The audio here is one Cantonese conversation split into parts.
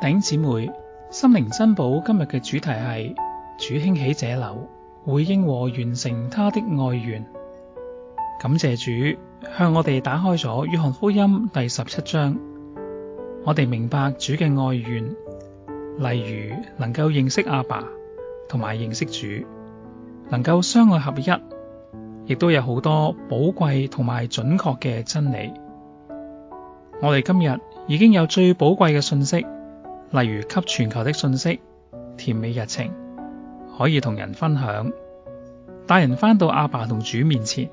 頂姊妹心靈珍寶，今日嘅主題係主興起這流，回應和完成他的愛願。感謝主向我哋打開咗《約翰福音》第十七章，我哋明白主嘅愛願，例如能夠認識阿爸同埋認識主，能夠相愛合一，亦都有好多寶貴同埋準確嘅真理。我哋今日已經有最寶貴嘅信息。例如給全球的信息、甜美日程，可以同人分享。帶人翻到阿爸同主面前，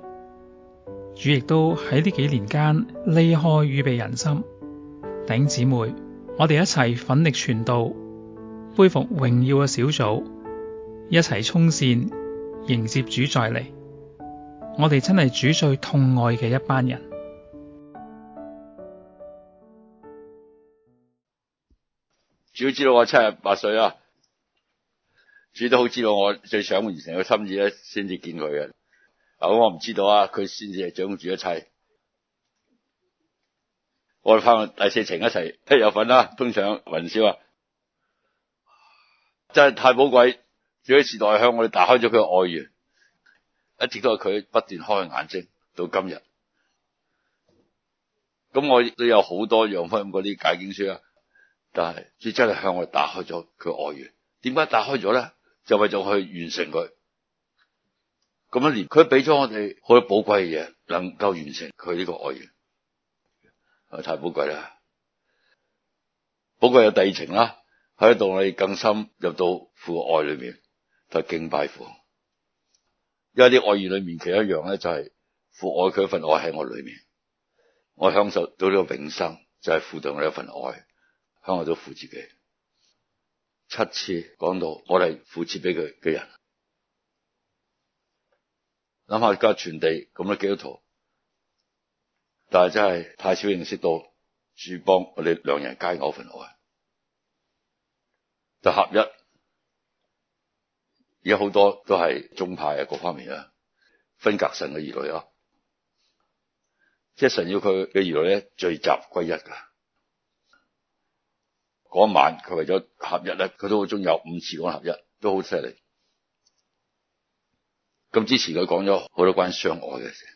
主亦都喺呢幾年間離開預備人心。弟兄姊妹，我哋一齊奮力傳道，恢復榮耀嘅小組，一齊衝線迎接主再嚟。我哋真係主最痛愛嘅一班人。主要知道我七十八歲啊，主要都好知道我最想完成嘅心意咧，先至見佢嘅。嗱咁我唔知道啊，佢先至係掌控住一切。我哋翻去第四程一齊，一有份啦，通常雲霄啊！真係太寶貴，主要時代向我哋打開咗佢嘅愛願，一直都係佢不斷開眼睛到今日。咁我亦都有好多養分嗰啲解經書啊。但係最真係向我哋打開咗佢愛願，點解打開咗咧？就是、為咗去完成佢咁一年，佢俾咗我哋好多寶貴嘅嘢，能夠完成佢呢個愛願，太寶貴啦！寶貴有第二程啦，喺度我哋更深入到父愛裏面，就是、敬拜父，因為啲愛願裏面其中一樣咧，就係、是、父愛佢一份愛喺我裏面，我享受到呢個永生就係、是、父對我的一份愛。向我都扶持嘅。七次講到，我哋扶持俾佢嘅人。諗下而家全地咁多基督徒，但係真係太少認識到主幫。我哋兩人皆我份我就合一。而家好多都係宗派啊，各方面啊，分隔神嘅兒女啊，即係神要佢嘅兒女咧聚集歸一噶。嗰晚佢為咗合一咧，佢都好中有五次講合一，都好犀利。咁之前佢講咗好多關於相愛嘅，事、啊，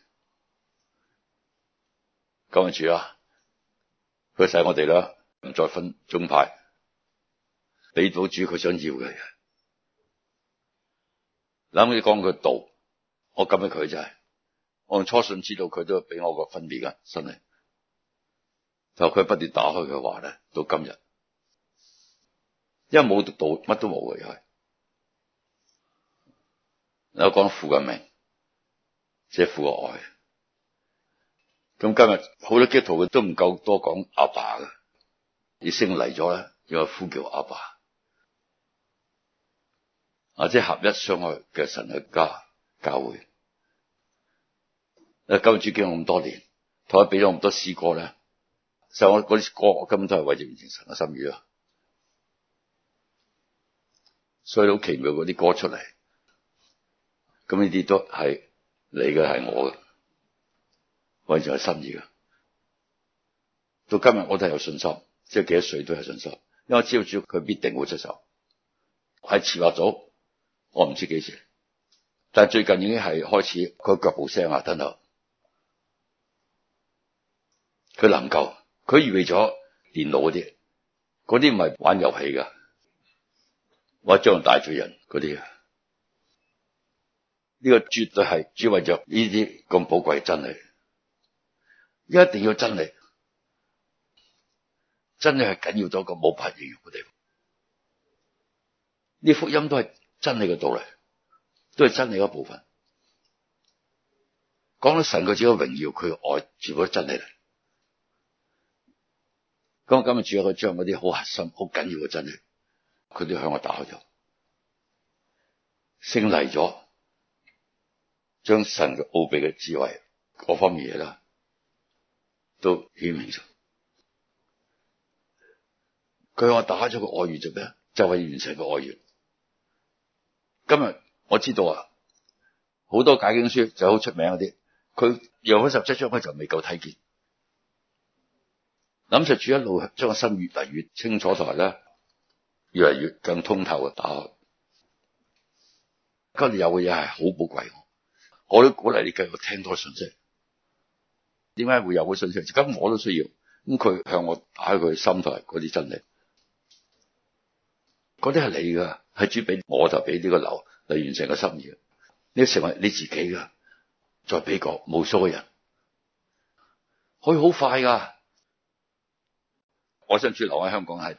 咁咪住啦。佢使我哋啦，唔再分宗派，俾到主佢想要嘅嘢。諗起講佢道，我咁嘅佢就係、是、我用初信知道佢都俾我個分別㗎，真係。就佢不斷打開佢話咧，到今日。因為冇讀到，乜都冇嘅，又係我講父嘅名，即係父嘅愛。咁今日好多基督徒都唔夠多講阿爸嘅，而升嚟，咗要又呼叫阿爸，爸或者合一相愛嘅神嘅家教會。誒，金主經咁多年，同我俾咗咁多詩歌咧，其、就、實、是、我啲歌我根本都係為咗完成神嘅心意啊！所以好奇妙嗰啲歌出嚟，咁呢啲都係你嘅，係我嘅，完全係心意嘅。到今日我都係有信心，即係幾多歲都有信心，因為知道佢必定會出手。喺策劃組，我唔知幾時，但係最近已經係開始，佢腳步聲啊，聽到，佢能夠，佢預備咗電腦啲，嗰啲唔係玩遊戲㗎。我將大罪人嗰啲啊，呢、這個絕對係主為咗呢啲咁寶貴的真理，一定要真理，真理係緊要到一個冇法形容嘅地方。呢福音都係真理嘅道理，都係真理嘅一部分。講到神佢自己嘅榮耀，佢愛全部都真理嚟。咁我今日主要去將嗰啲好核心、好緊要嘅真理。佢都向我打開咗，升黎咗，將神嘅奧祕嘅智慧，各方面嘢啦都顯明咗。佢向我打咗個愛願做咩？就是、為完成個愛願。今日我知道啊，好多解經書就好出名嗰啲，佢若果十七章，咧就未夠睇見。諗著住一路將個心越嚟越清楚，同埋咧。越嚟越更通透嘅打今日有嘅嘢係好寶貴，我都鼓勵你繼續聽多信息。點解會有個信息？咁我都需要。咁佢向我打開佢心頭嗰啲真理，嗰啲係你噶，係主俾我就俾呢個流嚟完成個心意，你成為你自己噶，再俾個無數嘅人，可以好快噶。我想住流喺香港係。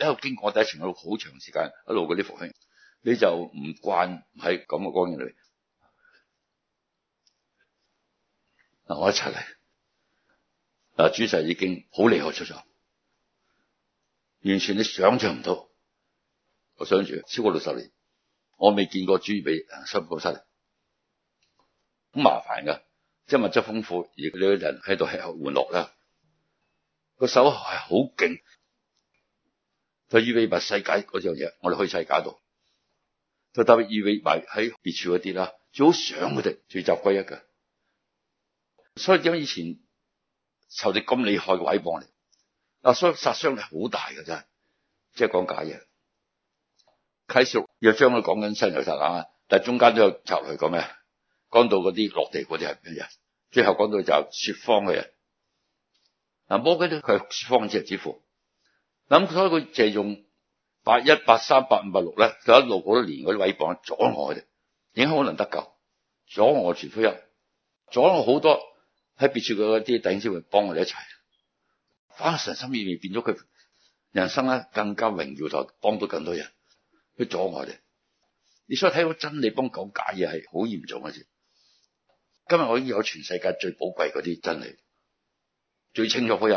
一路經過第一程，一路好長時間，一路嗰啲復興，你就唔慣喺咁嘅光景裏面。嗱，我一齊嚟。嗱，主席已經好厲害出咗，完全你想像唔到。我想住超過六十年，我未見過豬髀，衰唔夠衰？好麻煩㗎，即係物質豐富，而佢呢個人喺度吃喝玩樂啦，個手係好勁。對以為埋世界嗰樣嘢，我哋去世界度，就特別以為喺別處嗰啲啦，最好想佢哋聚集歸一嘅，所以點解以前受咗咁厲害嘅毀謗嚟？嗱，所以殺傷力好大嘅真係，即係講假嘢。契要將佢講緊新耶路撒冷，但係中間都有插落去講咩？講到嗰啲落地嗰啲係咩嘢？最後講到就說謊嘅人，嗱，魔鬼呢佢係說謊之父咁所以佢就用八一八三八五八六咧，就一路好多年嗰啲位榜阻礙我哋，影響可能得救，阻礙傳福音，阻礙好多喺別處嗰啲弟兄姊妹幫我哋一齊，反而神心意未變咗，佢人生咧更加榮耀，就幫到更多人去阻礙我哋。你所以睇到真理幫講假嘢係好嚴重嘅啫，今日我已經有全世界最寶貴嗰啲真理，最清楚福音。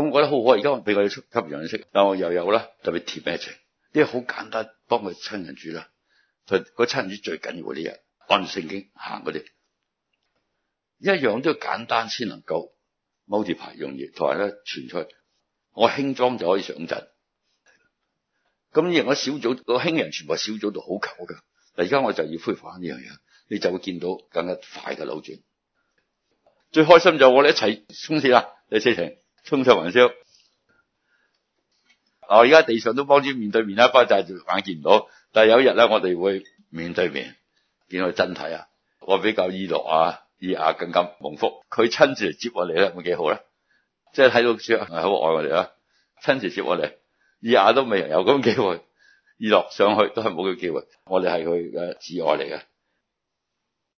咁我覺得好好，而家我比較吸出級樣式，但我又有啦，特別貼咩情，呢個好簡單，幫佢親人住啦。佢嗰親人住最緊要嗰啲人按聖經行嗰啲，一樣都要簡單先能夠 multiply 同埋咧傳出去。我輕裝就可以上陣。咁而我小組我、那個、輕人全部小組都好求噶。但而家我就要恢復翻呢樣嘢，你就會見到更加快嘅扭轉。最開心就我哋一齊，沖線啦，第四程。衝上雲霄，我而家地上都幫住面對面啦，不過就眼見唔到。但係有一日咧，我哋會面對面見到真體啊！我比較以諾啊，以利亞更加蒙福。佢親自嚟接我嚟咧，會幾好咧？即係睇到書啊，好愛我哋啊！親自接我嚟，以利亞都未有咁嘅機會，以諾上去都係冇嘅機會。我哋係佢嘅摯愛嚟嘅。